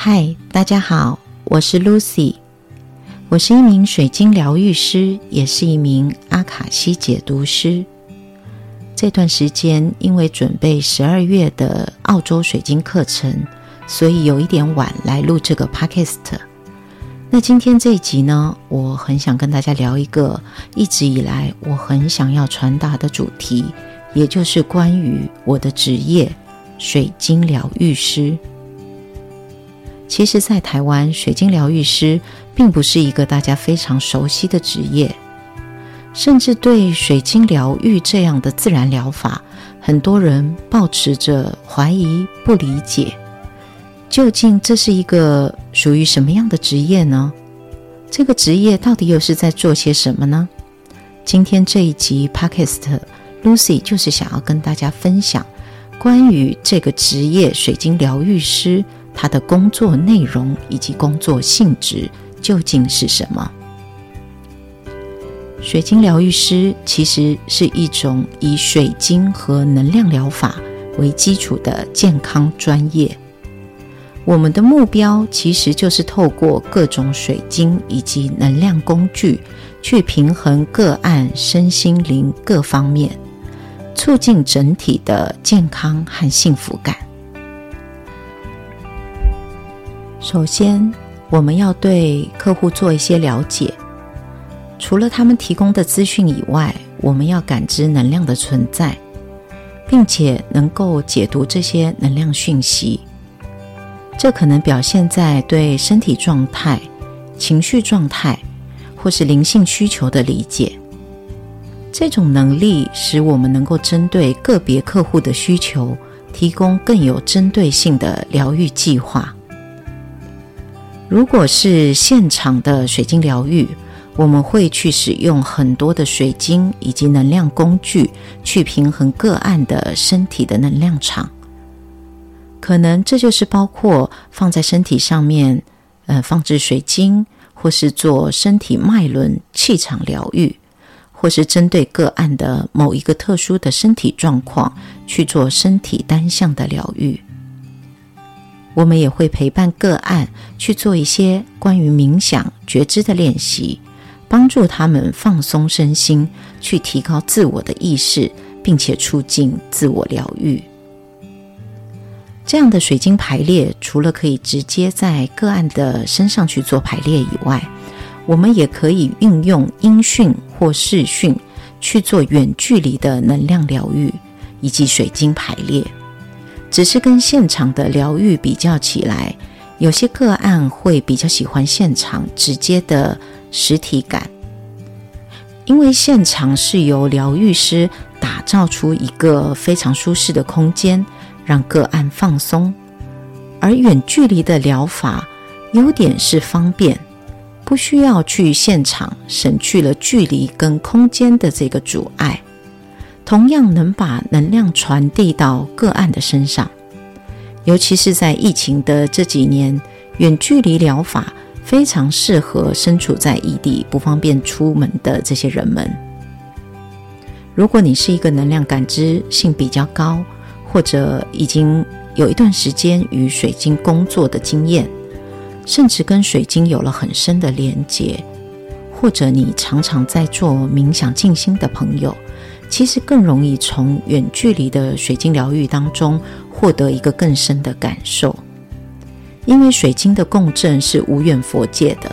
嗨，大家好，我是 Lucy。我是一名水晶療癒師，也是一名阿卡西解讀師。這段時間因為準備十二月的澳洲水晶課程，所以有一點晚來錄這個 podcast。那今天這一集呢，我很想跟大家聊一個一直以來我很想要傳達的主題，也就是關於我的職業——水晶療癒師。其實，在台灣，水晶療癒師並不是一個大家非常熟悉的職業，甚至對水晶療癒這樣的自然療法，很多人抱持着懷疑、不理解。究竟這是一個屬於什麼樣的職業呢？這個職業到底又是在做些什麼呢？今天這一集 Podcast，Lucy 就是想要跟大家分享關於這個職業——水晶療癒師。他的工作內容以及工作性質究竟是什麼？水晶療癒師其實是一種以水晶和能量療法為基礎的健康專業。我們的目標其實就是透過各種水晶以及能量工具，去平衡個案身心靈各方面，促進整體的健康和幸福感。首先，我們要對客戶做一些了解，除了他們提供的資訊以外，我們要感知能量的存在，並且能夠解讀這些能量訊息。這可能表現在對身體狀態、情緒狀態或是靈性需求的理解。這種能力使我們能夠針對個別客戶的需求，提供更有針對性的療癒計劃。如果是現場的水晶療癒，我們會去使用很多的水晶以及能量工具，去平衡個案的身體的能量場。可能這就是包括放在身體上面，呃，放置水晶，或是做身體脈輪氣場療癒，或是針對個案的某一個特殊的身體狀況去做身體單向的療癒。我們也會陪伴個案去做一些關於冥想、覺知的練習，幫助他們放鬆身心，去提高自我的意識，並且促進自我療癒。這樣的水晶排列，除了可以直接在個案的身上去做排列以外，我們也可以運用音訊或視訊去做遠距離的能量療癒，以及水晶排列。只是跟現場的療癒比較起來，有些個案會比較喜歡現場直接的實體感，因為現場是由療癒師打造出一個非常舒適的空間，讓個案放鬆。而遠距離的療法優點是方便，不需要去現場，省去了距離跟空間的這個阻礙。同樣能把能量傳遞到個案的身上，尤其是在疫情的這幾年，遠距離療法非常適合身處在異地不方便出門的這些人們。如果你是一個能量感知性比較高，或者已經有一段時間與水晶工作的經驗，甚至跟水晶有了很深的連接，或者你常常在做冥想靜心的朋友，其實更容易從遠距離的水晶療癒當中獲得一個更深的感受，因為水晶的共振是無遠弗屆的。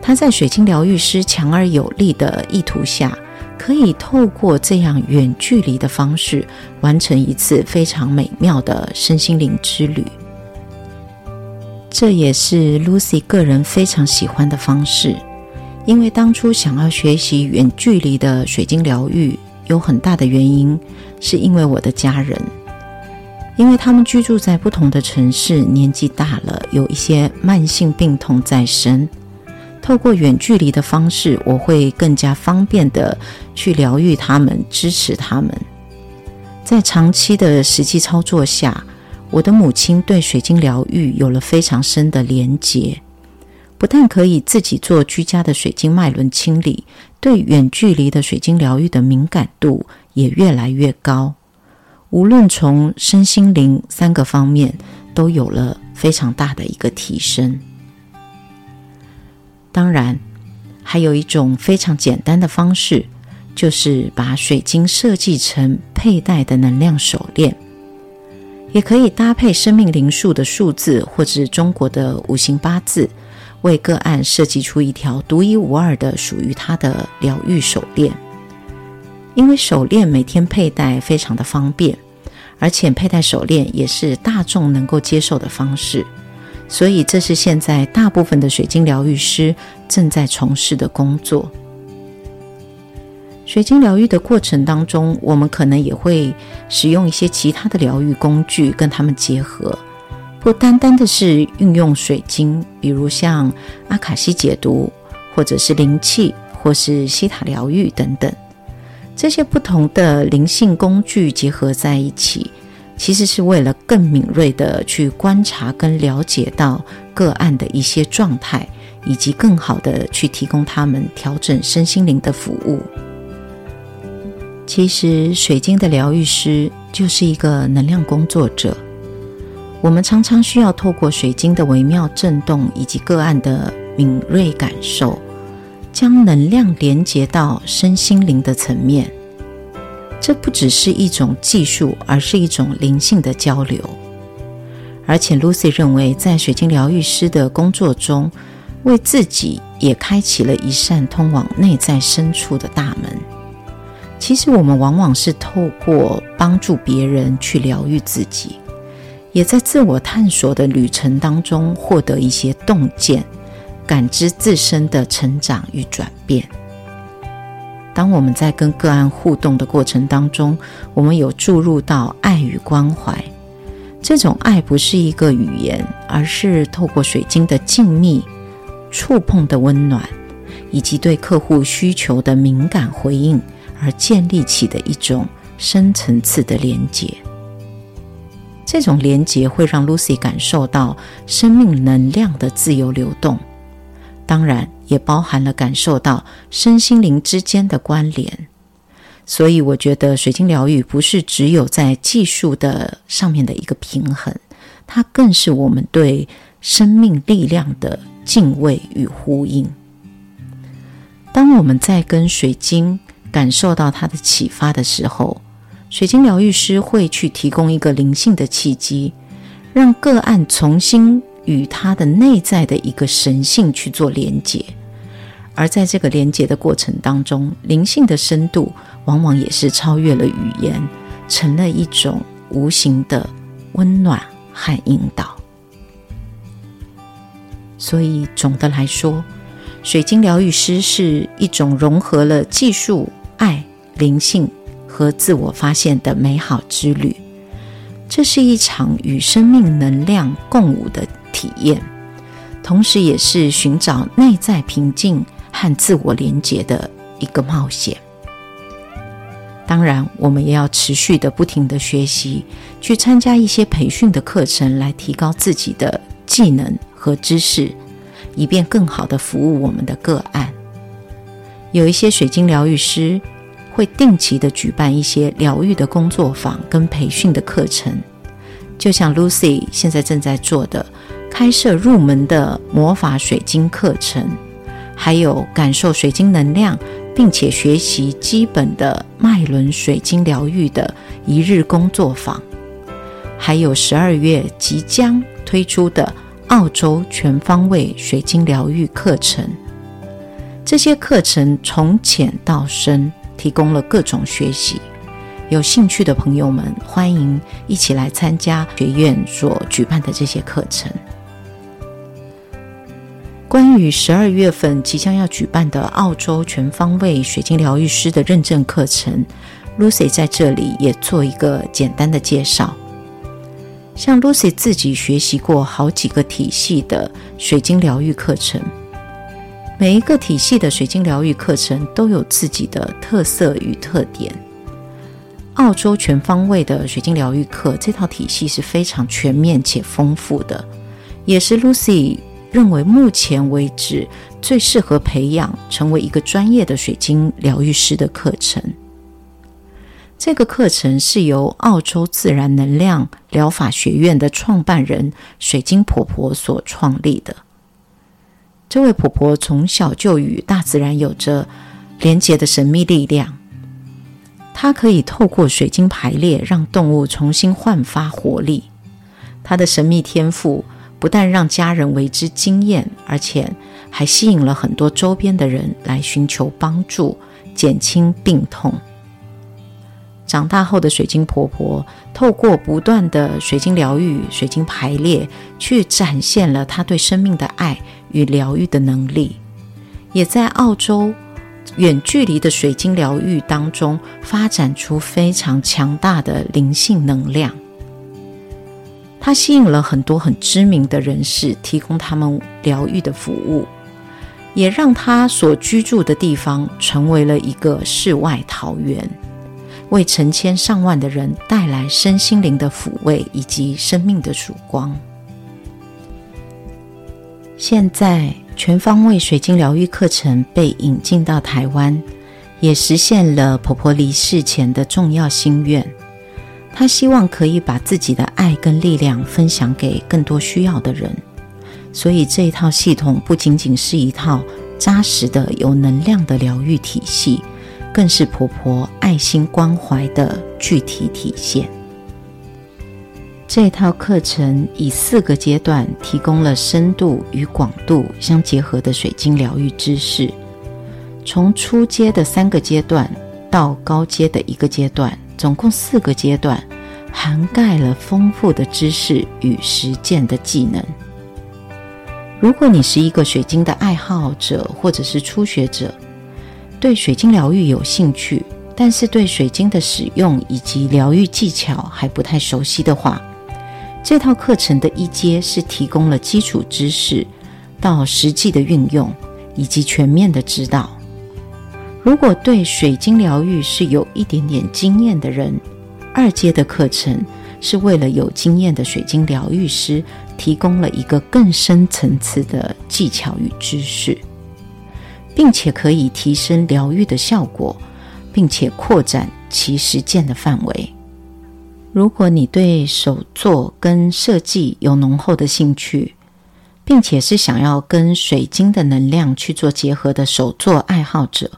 它在水晶療癒師強而有力的意圖下，可以透過這樣遠距離的方式，完成一次非常美妙的身心靈之旅。這也是 Lucy 個人非常喜歡的方式，因為當初想要學習遠距離的水晶療癒。有很大的原因，是因為我的家人，因為他們居住在不同的城市，年紀大了，有一些慢性病痛在身。透過遠距離的方式，我會更加方便的去療癒他們，支持他們。在長期的實際操作下，我的母親對水晶療癒有了非常深的連結。不但可以自己做居家的水晶脈輪清理，對遠距離的水晶療癒的敏感度也越來越高。無論從身心靈三個方面，都有了非常大的一個提升。當然，還有一種非常簡單的方式，就是把水晶設計成佩戴的能量手鏈，也可以搭配生命靈數的數字，或者中國的五行八字。為個案設計出一條獨一無二的屬於他的療癒手鏈，因為手鏈每天佩戴非常的方便，而且佩戴手鏈也是大眾能夠接受的方式，所以這是現在大部分的水晶療癒師正在從事的工作。水晶療癒的過程當中，我們可能也會使用一些其他的療癒工具跟他們結合。不單單的是運用水晶，比如像阿卡西解讀，或者是靈氣，或是西塔療癒等等，這些不同的靈性工具結合在一起，其實是為了更敏銳的去觀察跟了解到個案的一些狀態，以及更好的去提供他們調整身心靈的服務。其實，水晶的療癒師就是一個能量工作者。我們常常需要透過水晶的微妙震動以及個案的敏銳感受，將能量連接到身心靈的層面。這不只是一種技術，而是一種靈性的交流。而且，Lucy 認為，在水晶療癒師的工作中，為自己也開啟了一扇通往內在深處的大門。其實，我們往往是透過幫助別人去療癒自己。也在自我探索的旅程當中獲得一些洞見，感知自身的成長與轉變。當我們在跟個案互動的過程當中，我們有注入到愛與關懷。這種愛不是一個語言，而是透過水晶的靜謐、觸碰的溫暖，以及對客戶需求的敏感回應而建立起的一種深層次的連結。這種連結會讓 Lucy 感受到生命能量的自由流動，當然也包含了感受到身心靈之間的關聯。所以，我覺得水晶療癒不是只有在技術的上面的一個平衡，它更是我們對生命力量的敬畏與呼應。當我們在跟水晶感受到它的啟發的時候。水晶療癒師會去提供一個靈性的契機，讓個案重新與他的內在的一個神性去做連接，而在這個連接的過程當中，靈性的深度往往也是超越了語言，成了一種無形的溫暖和引導。所以總的來說，水晶療癒師是一種融合了技術、愛、靈性。和自我發現的美好之旅，這是一場與生命能量共舞的體驗，同時也是尋找內在平靜和自我連接的一個冒險。當然，我們也要持續的、不停的學習，去參加一些培訓的課程，來提高自己的技能和知識，以便更好地服務我們的個案。有一些水晶療癒師。會定期的舉辦一些療癒的工作坊跟培訓的課程，就像 Lucy 現在正在做的開設入門的魔法水晶課程，還有感受水晶能量，並且學習基本的脈輪水晶療癒的一日工作坊，還有十二月即將推出的澳洲全方位水晶療癒課程。這些課程從淺到深。提供了各種學習，有興趣的朋友們歡迎一起來參加學院所舉辦的這些課程。關於十二月份即將要舉辦的澳洲全方位水晶療癒師的認證課程，Lucy 在這裡也做一個簡單的介紹。像 Lucy 自己學習過好幾個體系的水晶療癒課程。每一個體系的水晶療癒課程都有自己的特色與特點。澳洲全方位的水晶療癒課，這套體系是非常全面且豐富的，也是 Lucy 認為目前為止最適合培養成為一個專業的水晶療癒師的課程。這個課程是由澳洲自然能量療法學院的創辦人水晶婆婆所創立的。這位婆婆從小就與大自然有着連結的神秘力量，她可以透過水晶排列讓動物重新煥發活力。她的神秘天賦不但讓家人為之驚艷，而且還吸引了很多周邊的人來尋求幫助，減輕病痛。長大後的水晶婆婆，透過不斷的水晶療癒、水晶排列，去展現了她對生命的愛與療癒的能力，也在澳洲遠距離的水晶療癒當中，發展出非常強大的靈性能量。她吸引了很多很知名的人士，提供他們療癒的服務，也讓她所居住的地方成為了一個世外桃源。為成千上萬的人帶來身心靈的撫慰以及生命的曙光。現在，全方位水晶療癒課程被引進到台灣，也實現了婆婆離世前的重要心願。她希望可以把自己的愛跟力量分享給更多需要的人。所以，這一套系統不僅僅是一套扎實的、有能量的療癒體系。更是婆婆愛心關懷的具體體現。這套課程以四個階段提供了深度與廣度相結合的水晶療癒知識，從初階的三個階段到高階的一個階段，總共四個階段，涵蓋了豐富的知識與實踐的技能。如果你是一個水晶的愛好者或者是初學者，對水晶療癒有興趣，但是對水晶的使用以及療癒技巧還不太熟悉的話，這套課程的一階是提供了基礎知識到實際的運用以及全面的指導。如果對水晶療癒是有一點點經驗的人，二階的課程是為了有經驗的水晶療癒師提供了一個更深層次的技巧與知識。並且可以提升療癒的效果，並且擴展其實踐的範圍。如果你對手作跟設計有濃厚的興趣，並且是想要跟水晶的能量去做結合的手作愛好者，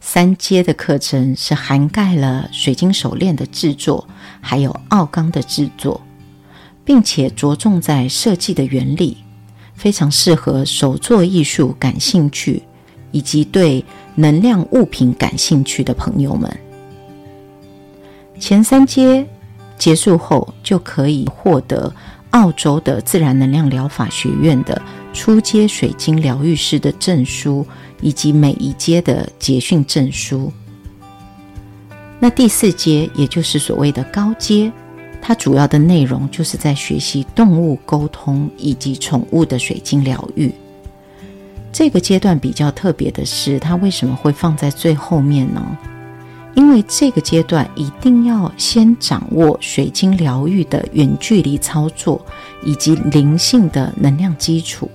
三階的課程是涵蓋了水晶手鏈的製作，還有奧剛的製作，並且着重在設計的原理，非常適合手作藝術感興趣，以及對能量物品感興趣的朋友們，前三階結束後就可以獲得澳洲的自然能量療法學院的初階水晶療癒師的證書，以及每一階的結訓證書。那第四階，也就是所謂的高階，它主要的內容就是在學習動物溝通以及寵物的水晶療癒。這個階段比較特別的是，它為什麼會放在最後面呢？因為這個階段一定要先掌握水晶療癒的遠距離操作以及靈性的能量基礎，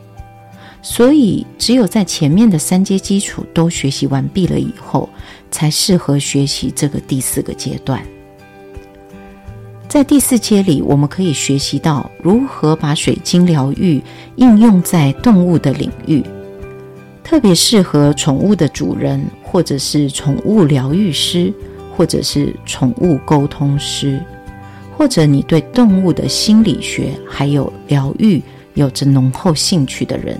所以只有在前面的三階基礎都學習完畢了以後，才適合學習這個第四個階段。在第四階裡，我們可以學習到如何把水晶療癒應用在動物的領域。特別適合寵物的主人，或者是寵物療癒師，或者是寵物溝通師，或者你對動物的心理學還有療癒有着濃厚興趣的人。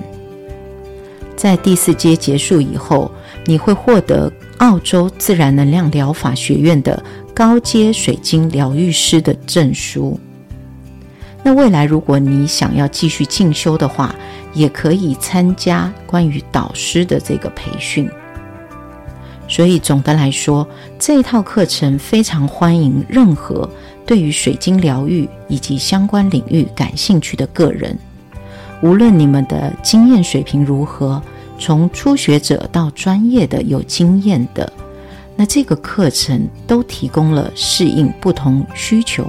在第四階結束以後，你會獲得澳洲自然能量療法學院的高階水晶療癒師的證書。那未來如果你想要繼續進修的話，也可以參加關於導師的這個培訓。所以總的來說，這一套課程非常歡迎任何對於水晶療癒以及相關領域感興趣的個人，無論你們的經驗水平如何，從初學者到專業的有經驗的，那這個課程都提供了適應不同需求。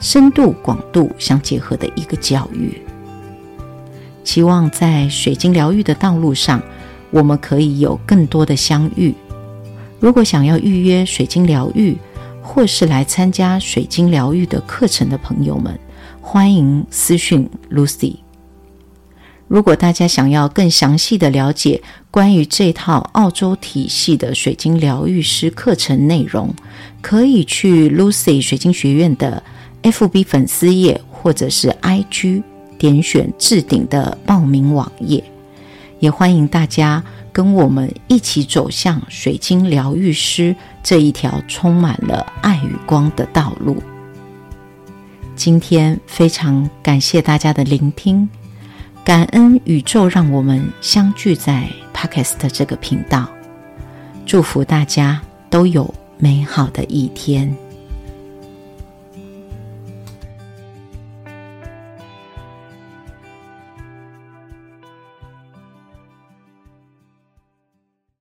深度廣度相結合的一個教育，期望在水晶療癒的道路上，我們可以有更多的相遇。如果想要預約水晶療癒，或是來參加水晶療癒的課程的朋友們，歡迎私訊 Lucy。如果大家想要更詳細的了解關於這套澳洲體系的水晶療癒師課程內容，可以去 Lucy 水晶學院的。F B 粉絲頁或者是 I G 點選置頂的報名網頁，也歡迎大家跟我們一起走向水晶療癒師這一條充滿了愛與光的道路。今天非常感謝大家的聆聽，感恩宇宙讓我們相聚在 Podcast 這個頻道，祝福大家都有美好的一天。